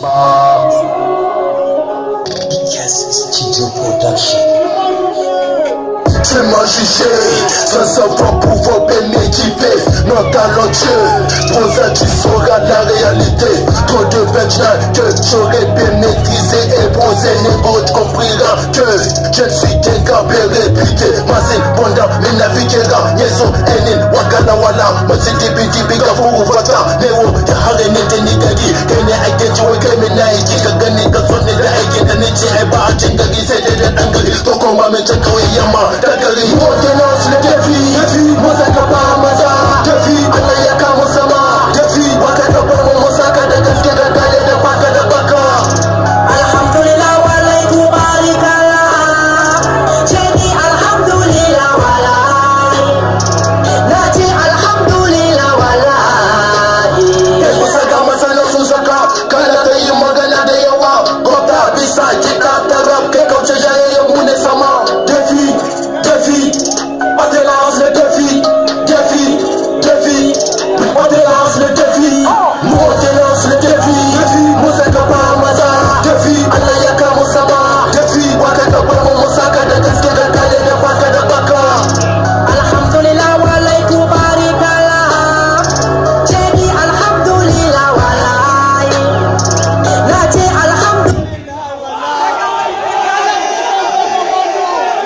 Tu m'as jugé, sans savoir pouvoir bien m'équiper Non talentueux, trop ça tu sauras la réalité Trop de vêtements que j'aurais bien maîtrisé Et bronzer les autres comprira que Je ne suis qu'un gabé réputé ma Mazin, Bonda, Minavigera, Yezo, Enin, Wakana, Wala Mazin, Dibi, Dibi, Gavu, Vata, Nero, Yahare, Nete, Nidagi, Kene, Aiki mama, tattalin